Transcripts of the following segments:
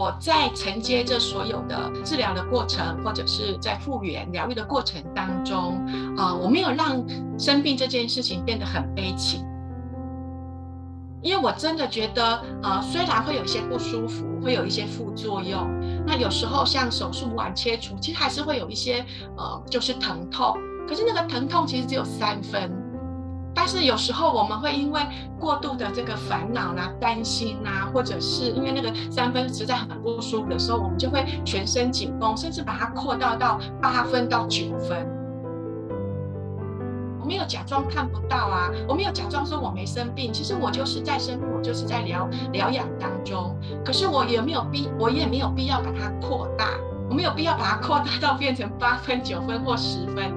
我在承接著所有的治療的過程，或者是在復原療癒的過程當中，啊、呃，我沒有讓生病這件事情變得很悲情，因為我真的覺得，呃，雖然會有一些不舒服，會有一些副作用，那有時候像手術完切除，其實還是會有一些，呃，就是疼痛，可是那個疼痛其實只有三分。但是有時候我們會因為過度的這個煩惱啦、啊、擔心吶、啊，或者是因為那個三分實在很不舒服的時候，我們就會全身緊繃，甚至把它擴大到八分到九分。我沒有假裝看不到啊，我沒有假裝說我沒生病，其實我就是在生病，我就是在療療養當中。可是我也沒有必，我也沒有必要把它擴大，我沒有必要把它擴大到變成八分、九分或十分。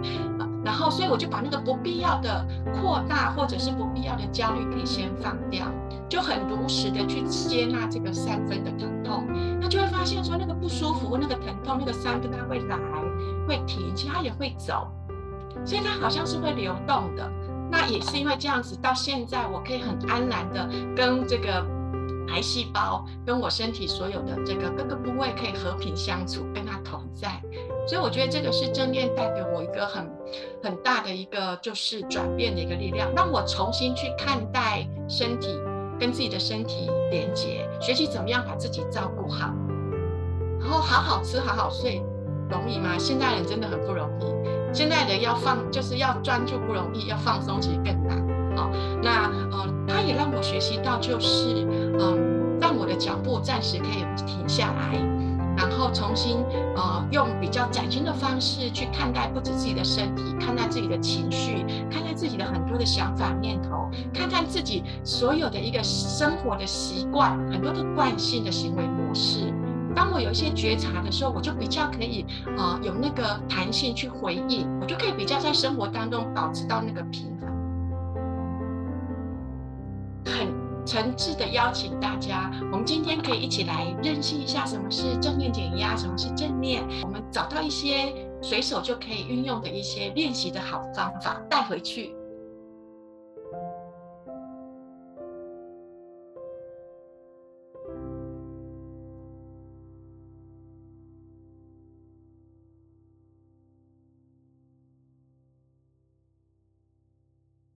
然後，所以我就把那個不必要的擴大或者是不必要的焦慮可以先放掉，就很如實的去接納這個三分的疼痛，那就會發現說那個不舒服、那個疼痛、那個三分它會來、會停，其實它也會走，所以它好像是會流動的。那也是因為這樣子，到現在我可以很安然的跟這個癌細胞、跟我身體所有的這個各個部位可以和平相處，跟它同在。所以我覺得這個是正念帶給我一個很很大的一個就是轉變的一個力量，讓我重新去看待身體，跟自己的身體連接，學習怎麼樣把自己照顧好，然後好好吃，好好睡，容易嗎？現代人真的很不容易，現代人要放就是要專注不容易，要放鬆其實更難。好、哦，那呃，他也讓我學習到就是，嗯、呃，讓我的腳步暫時可以停下來。重新，呃，用比較嶄新的方式去看待不止自己的身體，看待自己的情緒，看待自己的很多的想法念頭，看看自己所有的一個生活的習慣，很多的慣性的行為模式。當我有一些覺察的時候，我就比較可以，啊、呃，有那個彈性去回應，我就可以比較在生活當中保持到那個平衡。很誠摯的邀請大家。今天可以一起來認識一下什麼是正念減壓，什麼是正念。我們找到一些隨手就可以運用的一些練習的好方法，帶回去。